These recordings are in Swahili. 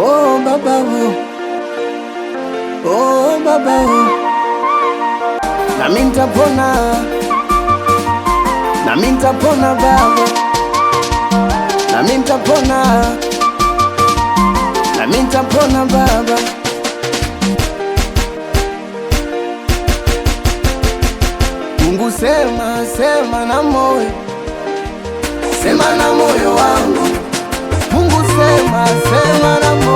Oh, baba oh. Oh, baba oh. Na mimi nitapona. Na mimi nitapona baba. Na mimi nitapona. Na mimi nitapona baba. Mungu sema, sema na moyo. Sema na moyo wangu. Mungu sema, sema na moyo.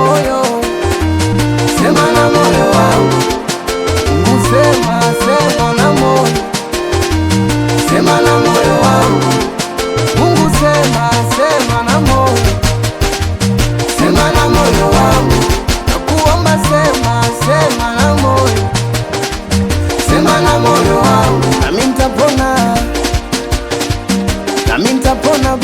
sema na moyo wangu Mungu, sema sema na moyo, sema na moyo wangu, nakuomba sema sema na moyo, sema na moyo wangu, nami nitapona, nami nitapona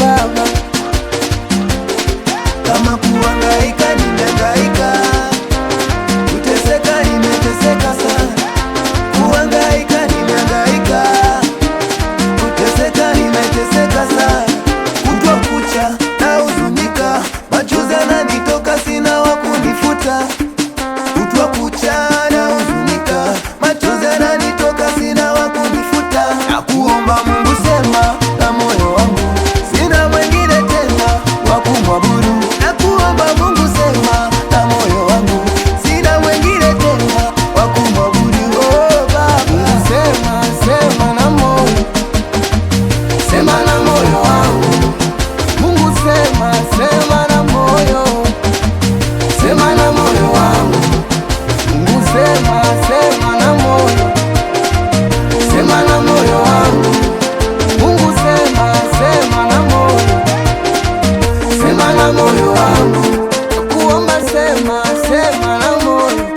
wangu kuomba, sema sema na moyo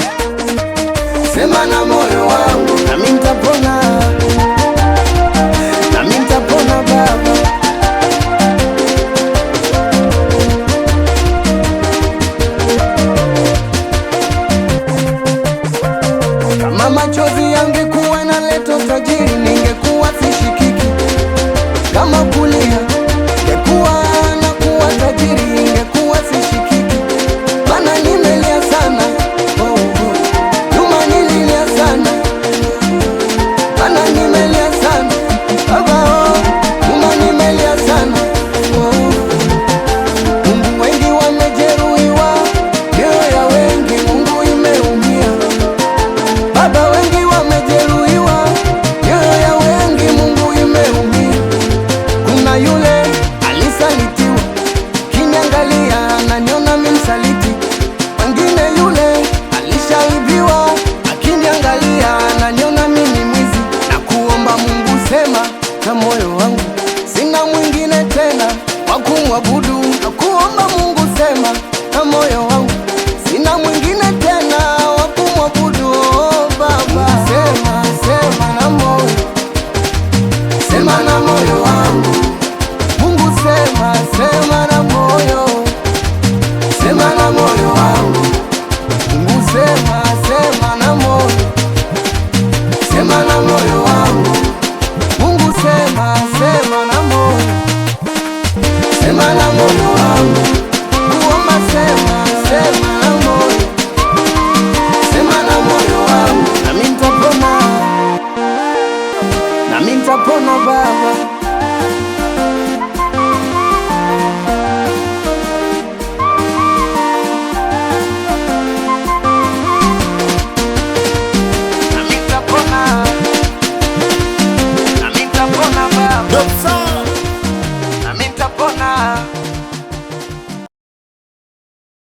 sema na sema na moyo wangu Mungu, sema sema na moyo, sema na moyo wangu nami nitapona Baba. mpona mama